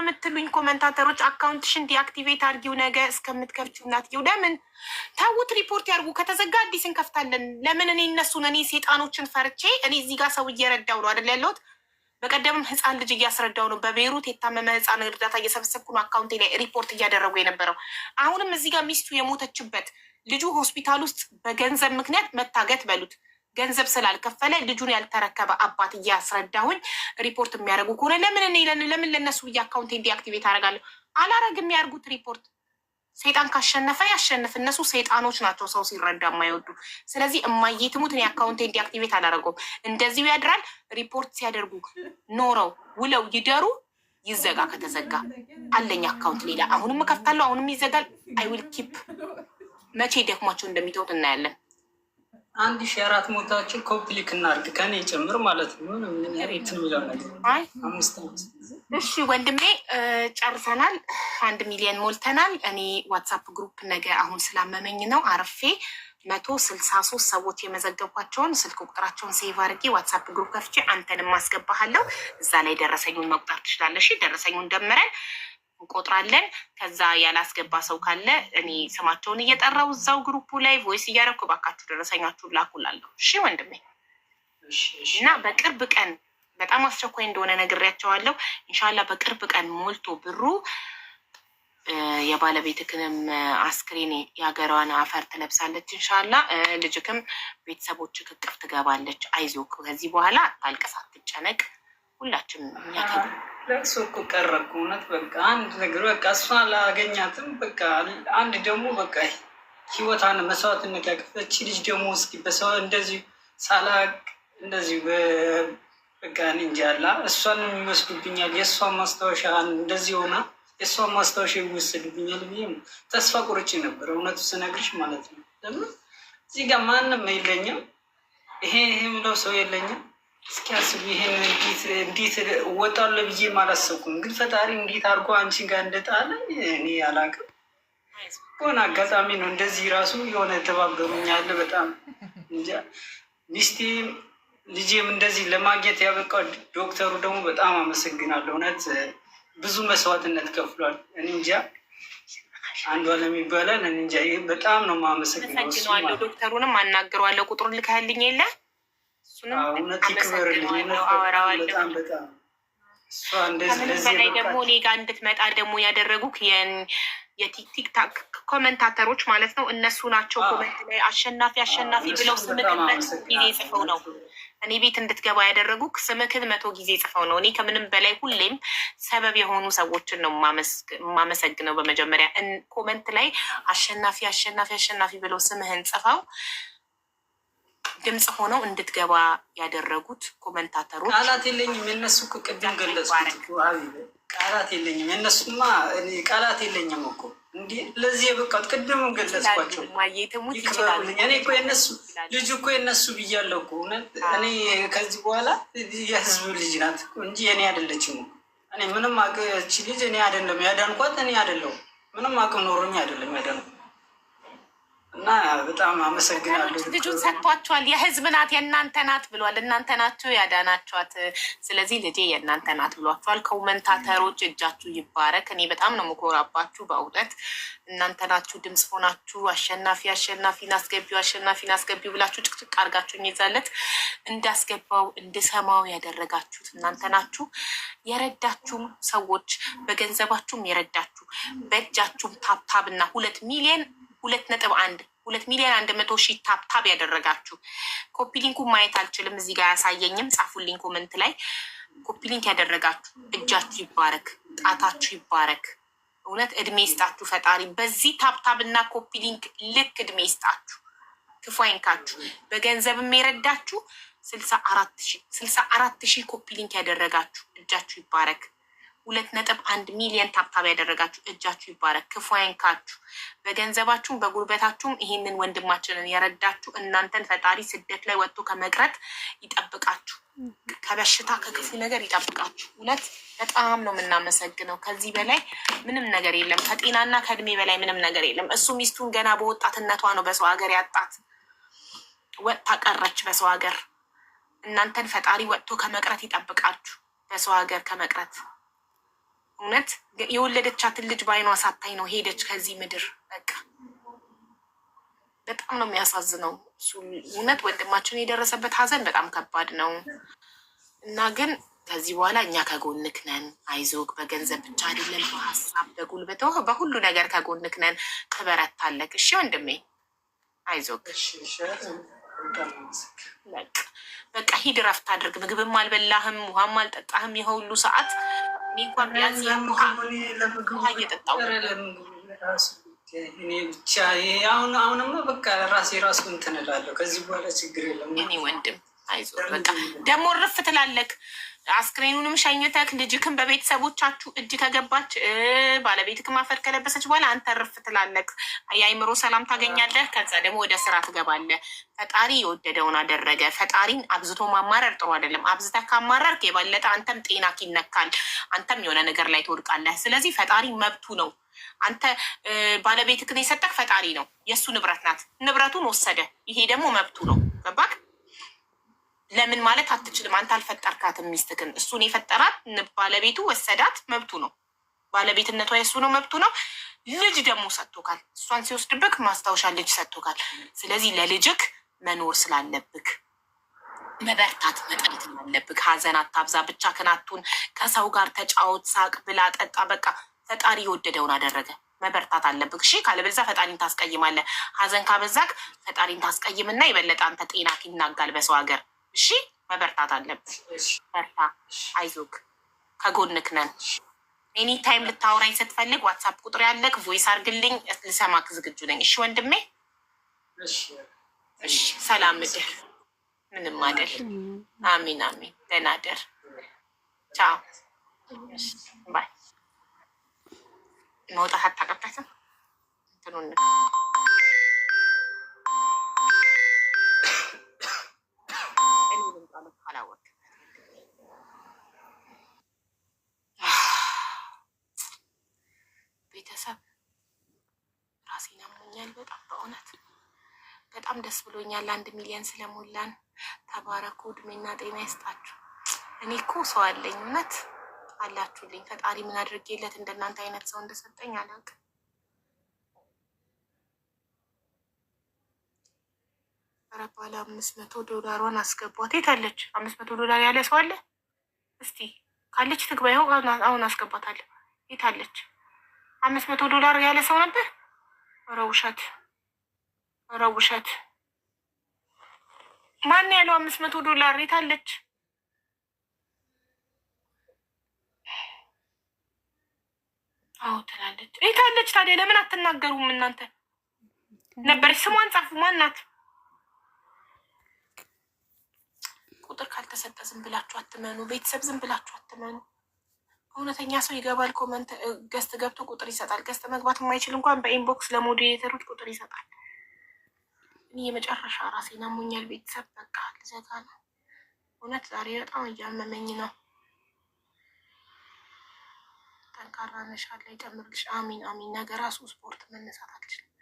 ለምትሉኝ ኮመንታተሮች አካውንትሽን ዲአክቲቬት አርጊው ነገ እስከምትከፍቺው እናትየው ለምን ተውት፣ ሪፖርት ያርጉ። ከተዘጋ አዲስ እንከፍታለን። ለምን እኔ እነሱን እኔ ሴጣኖችን ፈርቼ እኔ እዚህ ጋር ሰው እየረዳው ነው አይደል ያለሁት። በቀደምም ህፃን ልጅ እያስረዳው ነው። በቤሩት የታመመ ህፃን እርዳታ እየሰበሰብኩ ነው። አካውንቴ ላይ ሪፖርት እያደረጉ የነበረው አሁንም እዚህ ጋር ሚስቱ የሞተችበት ልጁ ሆስፒታል ውስጥ በገንዘብ ምክንያት መታገት በሉት ገንዘብ ስላልከፈለ ልጁን ያልተረከበ አባት እያስረዳሁኝ ሪፖርት የሚያደርጉ ከሆነ ለምን እኔ ለምን ለነሱ ብዬ አካውንት ዲአክቲቬት አደርጋለሁ? አላረግ የሚያደርጉት ሪፖርት ሰይጣን ካሸነፈ ያሸንፍ። እነሱ ሰይጣኖች ናቸው፣ ሰው ሲረዳ የማይወዱ። ስለዚህ እማዬ ትሙት እኔ አካውንት እንዲአክቲቬት አላረገውም። እንደዚሁ ያድራል። ሪፖርት ሲያደርጉ ኖረው ውለው ይደሩ። ይዘጋ ከተዘጋ አለኝ አካውንት ሌላ አሁንም እከፍታለሁ፣ አሁንም ይዘጋል። ዊል ኪፕ መቼ ደክሟቸው እንደሚተውት እናያለን። አንድ ሺ አራት ሞታችን ኮፒ ልክ እናድርግ ከኔ ጭምር ማለት ነው። እሺ ወንድሜ ጨርሰናል። አንድ ሚሊዮን ሞልተናል። እኔ ዋትሳፕ ግሩፕ ነገ አሁን ስላመመኝ ነው አርፌ መቶ ስልሳ ሶስት ሰዎች የመዘገብኳቸውን ስልክ ቁጥራቸውን ሴቭ አድርጌ ዋትሳፕ ግሩፕ ከፍቼ አንተንም ማስገባሃለሁ። እዛ ላይ ደረሰኙን መቁጠር ትችላለሽ። ደረሰኙን ደምረን እንቆጥራለን። ከዛ ያላስገባ ሰው ካለ እኔ ስማቸውን እየጠራው እዛው ግሩፑ ላይ ቮይስ እያደረኩ እባካችሁ ደረሰኛችሁን ላኩላለሁ። እሺ ወንድሜ እና በቅርብ ቀን በጣም አስቸኳይ እንደሆነ ነግሬያቸዋለሁ። እንሻላ በቅርብ ቀን ሞልቶ ብሩ የባለቤትክንም አስክሬን የሀገሯን አፈር ትለብሳለች። እንሻላ ልጅክም ቤተሰቦች ክቅፍ ትገባለች። አይዞክ ከዚህ በኋላ አታልቅስ፣ ትጨነቅ ሁላችንም እኛ ለቅሶ እኮ ቀረብኩ። እውነት በቃ አንድ ነገር በቃ እሷን ላገኛትም በቃ አንድ ደግሞ በቃ ህይወቷን መስዋዕትነት ያቀፈች ልጅ ደግሞ እስኪ በሰው እንደዚሁ ሳላቅ እንደዚሁ በቃ እንጂ ያላ እሷን ይወስዱብኛል፣ የእሷን ማስታወሻ እንደዚህ ሆና የእሷን ማስታወሻ ይወሰድብኛል ብዬ ተስፋ ቁርጭ ነበር፣ እውነቱ ስነግርሽ ማለት ነው። ለምን እዚህ ጋር ማንም የለኝም፣ ይሄ ይሄ ምለው ሰው የለኝም። እስኪያስቡ ይሄን እንዴት እወጣለሁ ብዬ አላሰብኩም፣ ግን ፈጣሪ እንዴት አድርጎ አንቺን ጋር እንደጣለ እኔ አላውቅም። በሆነ አጋጣሚ ነው እንደዚህ ራሱ የሆነ ተባበሩኛለ። በጣም እንጃ ሚስቴም ልጄም እንደዚህ ለማግኘት ያበቃ ዶክተሩ ደግሞ በጣም አመሰግናለሁ። እውነት ብዙ መስዋዕትነት ከፍሏል። እኔ እንጃ አንዷ አለም ይባላል። እኔ እንጃ በጣም ነው የማመሰግነው። ዶክተሩንም አናግረዋለሁ። ቁጥሩን ልካልኝ የለ በላይ ደግሞ እኔ ጋር እንድትመጣ ደግሞ ያደረጉክ የቲክታክ ኮመንታተሮች ማለት ነው። እነሱ ናቸው ኮመንት ላይ አሸናፊ አሸናፊ ብለው ስምክን ጊዜ ጽፈው ነው እኔ ቤት እንድትገባ ያደረጉክ። ስምክን መቶ ጊዜ ጽፈው ነው። እኔ ከምንም በላይ ሁሌም ሰበብ የሆኑ ሰዎችን ነው የማመሰግነው። በመጀመሪያ ኮመንት ላይ አሸናፊ አሸናፊ አሸናፊ ብለው ስምህን ጽፈው ድምፅ ሆነው እንድትገባ ያደረጉት ኮመንታተሮች ቃላት የለኝም። የነሱ ቅድም ገለጽኩት። ቃላት የለኝም። የነሱማ ቃላት የለኝም እኮ እንዲ ለዚህ የበቃት ቅድም ገለጽኳቸው። እኔ እኮ የነሱ ልጅ እኮ የነሱ ብያለሁ እኮ እኔ ከዚህ በኋላ የህዝብ ልጅ ናት እንጂ የኔ አይደለችም። እኔ ምንም አቅ ልጅ እኔ አይደለም ያዳንኳት እኔ አይደለሁ ምንም አቅም ኖሮኝ አይደለም ያዳንኳት እና በጣም አመሰግናለሁ። ልጁን ሰጥቷቸዋል። የህዝብ ናት የእናንተ ናት ብሏል። እናንተ ናችሁ ያዳናችኋት፣ ስለዚህ ልጄ የእናንተ ናት ብሏቸዋል። ከኮመንታተሮች እጃችሁ ይባረክ። እኔ በጣም ነው የምኮራባችሁ በእውነት እናንተ ናችሁ ድምፅ ሆናችሁ አሸናፊ አሸናፊን አስገቢው አሸናፊን አስገቢው ብላችሁ ጭቅጭቅ አድርጋችሁ ይዛለት እንዳስገባው እንድሰማው ያደረጋችሁት እናንተ ናችሁ። የረዳችሁም ሰዎች በገንዘባችሁም የረዳችሁ በእጃችሁም ታብታብና ሁለት ሚሊዮን ሁለት ነጥብ አንድ ሁለት ሚሊዮን አንድ መቶ ሺህ ታብታብ ያደረጋችሁ ኮፒ ሊንኩ ማየት አልችልም፣ እዚህ ጋር ያሳየኝም። ጻፉልኝ ኮመንት ላይ ኮፒ ሊንክ ያደረጋችሁ እጃችሁ ይባረክ፣ ጣታችሁ ይባረክ። እውነት እድሜ ይስጣችሁ ፈጣሪ። በዚህ ታብታብ እና ኮፒ ሊንክ ልክ እድሜ ይስጣችሁ፣ ክፉ አይንካችሁ። በገንዘብም የረዳችሁ ስልሳ አራት ሺህ ኮፒ ሊንክ ያደረጋችሁ እጃችሁ ይባረክ። ሁለት ነጥብ አንድ ሚሊየን ታብታብ ያደረጋችሁ እጃችሁ ይባረክ፣ ክፉ አይንካችሁ። በገንዘባችሁም በጉልበታችሁም ይህንን ወንድማችንን የረዳችሁ እናንተን ፈጣሪ ስደት ላይ ወጥቶ ከመቅረት ይጠብቃችሁ፣ ከበሽታ ከክፉ ነገር ይጠብቃችሁ። እውነት በጣም ነው የምናመሰግነው። ከዚህ በላይ ምንም ነገር የለም። ከጤናና ከእድሜ በላይ ምንም ነገር የለም። እሱ ሚስቱን ገና በወጣትነቷ ነው በሰው ሀገር ያጣት፣ ወጥታ ቀረች በሰው ሀገር። እናንተን ፈጣሪ ወጥቶ ከመቅረት ይጠብቃችሁ፣ በሰው ሀገር ከመቅረት እውነት የወለደቻትን ልጅ በአይኗ ሳታይ ነው ሄደች ከዚህ ምድር። በቃ በጣም ነው የሚያሳዝነው። እውነት ወንድማችን የደረሰበት ሀዘን በጣም ከባድ ነው እና ግን ከዚህ በኋላ እኛ ከጎንክ ነን፣ አይዞክ። በገንዘብ ብቻ አይደለም፣ በሀሳብ በጉልበት፣ በሁሉ ነገር ከጎንክ ነን። ትበረታለክ። እሺ ወንድሜ አይዞክ። በቃ ሂድ፣ ረፍት አድርግ። ምግብም አልበላህም፣ ውሃም አልጠጣህም፣ የሁሉ ሰዓት እንኳን ቢያንስ ውሃ እየጠጣሁ እኔ ብቻ አሁን አሁንማ በቃ ራሴ ራሱ እንትን እላለሁ። ከዚህ በኋላ ችግር የለም እኔ ወንድም አይዞህ በቃ ደግሞ እርፍ ትላለክ አስክሬኑንም ሸኝተክ ልጅክን በቤተሰቦቻችሁ እጅ ከገባች ባለቤትክ አፈር ከለበሰች በኋላ አንተ ርፍ ትላለክ የአይምሮ ሰላም ታገኛለህ። ከዛ ደግሞ ወደ ስራ ትገባለህ። ፈጣሪ የወደደውን አደረገ። ፈጣሪን አብዝቶ ማማረር ጥሩ አይደለም። አብዝተህ ካማረርክ የበለጠ አንተም ጤናክ ይነካል። አንተም የሆነ ነገር ላይ ትወድቃለህ። ስለዚህ ፈጣሪ መብቱ ነው። አንተ ባለቤትክን የሰጠክ ፈጣሪ ነው። የእሱ ንብረት ናት። ንብረቱን ወሰደ። ይሄ ደግሞ መብቱ ነው። ገባክ? ለምን ማለት አትችልም። አንተ አልፈጠርካትም ሚስትክን። እሱን የፈጠራት ባለቤቱ ወሰዳት፣ መብቱ ነው። ባለቤትነቷ የእሱ ነው፣ መብቱ ነው። ልጅ ደግሞ ሰጥቶካል። እሷን ሲወስድብክ ማስታወሻ ልጅ ሰጥቶካል። ስለዚህ ለልጅክ መኖር ስላለብክ መበርታት መጠነት ያለብክ፣ ሀዘን አታብዛ፣ ብቻ ክናቱን ከሰው ጋር ተጫወት፣ ሳቅ፣ ብላ፣ ጠጣ። በቃ ፈጣሪ የወደደውን አደረገ። መበርታት አለብክ። እሺ፣ ካለበዛ ፈጣሪን ታስቀይማለህ። ሀዘን ካበዛክ ፈጣሪን ታስቀይምና የበለጠ አንተ ጤናክ ይናጋል በሰው ሀገር እሺ፣ መበርታት አለብን። በርታ፣ አይዞክ ከጎንክ ነን። ኤኒ ታይም ልታወራኝ ስትፈልግ ዋትሳፕ ቁጥር ያለክ ቮይስ አርግልኝ፣ ልሰማክ ዝግጁ ነኝ። እሺ ወንድሜ፣ እሺ፣ ሰላም እድር። ምንም አይደል። አሚን አሚን። ደህና እደር። ቻው፣ ባይ። መውጣት አታቀበትም እንትኑን አላወቅም። ቤተሰብ ራሴን አሞኛል። በጣም በእውነት በጣም ደስ ብሎኛል። አንድ ሚሊዮን ስለሞላን ተባረኩ፣ እድሜና ጤና ይስጣችሁ። እኔ እኮ ሰው አለኝ እውነት አላችሁልኝ። ፈጣሪ ምን አድርጌለት እንደናንተ አይነት ሰው እንደሰጠኝ አላውቅም። ኧረ ባለ አምስት መቶ ዶላሯን አስገቧት። የት አለች? አምስት መቶ ዶላር ያለ ሰው አለ? እስቲ ካለች ትግባ። ይኸው አሁን አስገባታለሁ። የት አለች? አምስት መቶ ዶላር ያለ ሰው ነበር። ኧረ ውሸት፣ ኧረ ውሸት። ማን ያለው አምስት መቶ ዶላር? የት አለች? አዎ ትላለች። የት አለች ታዲያ? ለምን አትናገሩም እናንተ? ነበረች። ስሟን ጻፉ። ማን ናት? ቁጥር ካልተሰጠ ዝም ብላችሁ አትመኑ። ቤተሰብ ዝም ብላችሁ አትመኑ። እውነተኛ ሰው ይገባል። ኮመንት ገስት ገብቶ ቁጥር ይሰጣል። ገስት መግባት የማይችል እንኳን በኢንቦክስ ለሞዲሬተሮች ቁጥር ይሰጣል። እኔ የመጨረሻ ራሴን አሞኛል። ቤተሰብ በቃ ልዘጋ ነው። እውነት ዛሬ በጣም እያመመኝ ነው። ጠንካራ ላይ ጨምርልሽ። አሚን አሚን። ነገ ራሱ ስፖርት መነሳት አልችልም።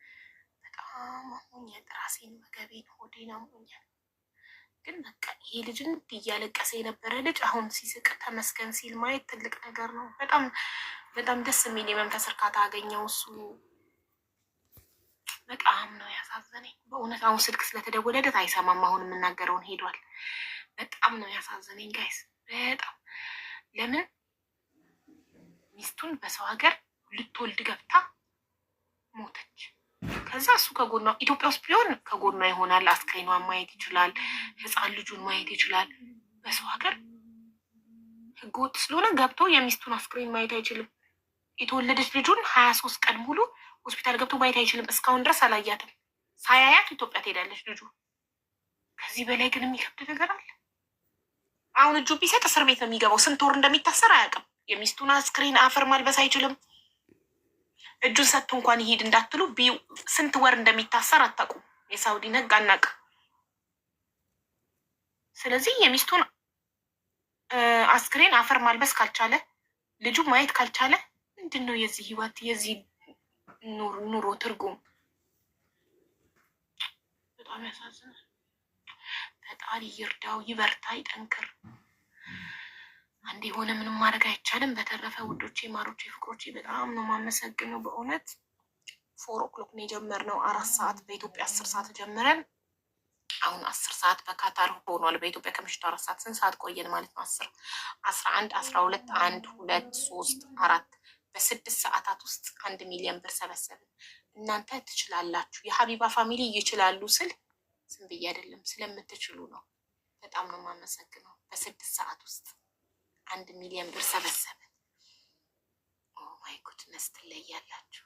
በጣም አሞኛል። ራሴን ወገቤን ሆዴን አሞኛል። ግን በቃ ይሄ ልጅ እያለቀሰ የነበረ ልጅ አሁን ሲስቅ ተመስገን ሲል ማየት ትልቅ ነገር ነው። በጣም በጣም ደስ የሚል የመንፈስ እርካታ አገኘው። እሱ በጣም ነው ያሳዘነኝ በእውነት። አሁን ስልክ ስለተደወለለት አይሰማም። አሁን የምናገረውን ሄዷል። በጣም ነው ያሳዘነኝ ጋይስ፣ በጣም ለምን ሚስቱን በሰው ሀገር ልትወልድ ገብታ ሞተች። ከዛ እሱ ከጎኗ ኢትዮጵያ ውስጥ ቢሆን ከጎኗ ይሆናል። አስክሬኗን ማየት ይችላል። ህፃን ልጁን ማየት ይችላል። በሰው ሀገር ህገወጥ ስለሆነ ገብቶ የሚስቱን አስክሬን ማየት አይችልም። የተወለደች ልጁን ሀያ ሶስት ቀን ሙሉ ሆስፒታል ገብቶ ማየት አይችልም። እስካሁን ድረስ አላያትም። ሳያያት ኢትዮጵያ ትሄዳለች ልጁ። ከዚህ በላይ ግን የሚከብድ ነገር አለ። አሁን እጁ ቢሰጥ እስር ቤት ነው የሚገባው። ስንት ወር እንደሚታሰር አያውቅም። የሚስቱን አስክሬን አፈር ማልበስ አይችልም። እጁን ሰጥቶ እንኳን ይሄድ እንዳትሉ ስንት ወር እንደሚታሰር አታውቁም። የሳውዲ ነግ አናውቅም። ስለዚህ የሚስቱን አስክሬን አፈር ማልበስ ካልቻለ ልጁ ማየት ካልቻለ ምንድን ነው የዚህ ህይወት የዚህ ኑሮ ትርጉም? በጣም ያሳዝናል። ፈጣሪ ይርዳው፣ ይበርታ፣ ይጠንክር። አንዴ የሆነ ምንም ማድረግ አይቻልም። በተረፈ ውዶቼ፣ ማሮቼ፣ ፍቅሮቼ በጣም ነው ማመሰግነው በእውነት ፎር ኦክሎክ ነው የጀመርነው። አራት ሰዓት በኢትዮጵያ አስር ሰዓት ጀምረን አሁን አስር ሰዓት በካታር ሆኗል። በኢትዮጵያ ከምሽቱ አራት ሰዓት ስንት ሰዓት ቆየን ማለት ነው? አስር አስራ አንድ አስራ ሁለት አንድ ሁለት ሶስት አራት በስድስት ሰዓታት ውስጥ አንድ ሚሊዮን ብር ሰበሰብን። እናንተ ትችላላችሁ። የሀቢባ ፋሚሊ ይችላሉ ስል ዝም ብዬ አይደለም ስለምትችሉ ነው። በጣም ነው የማመሰግነው በስድስት ሰዓት ውስጥ አንድ ሚሊዮን ብር ሰበሰበ። ኦ ማይ ጉድነስ ትለያላችሁ።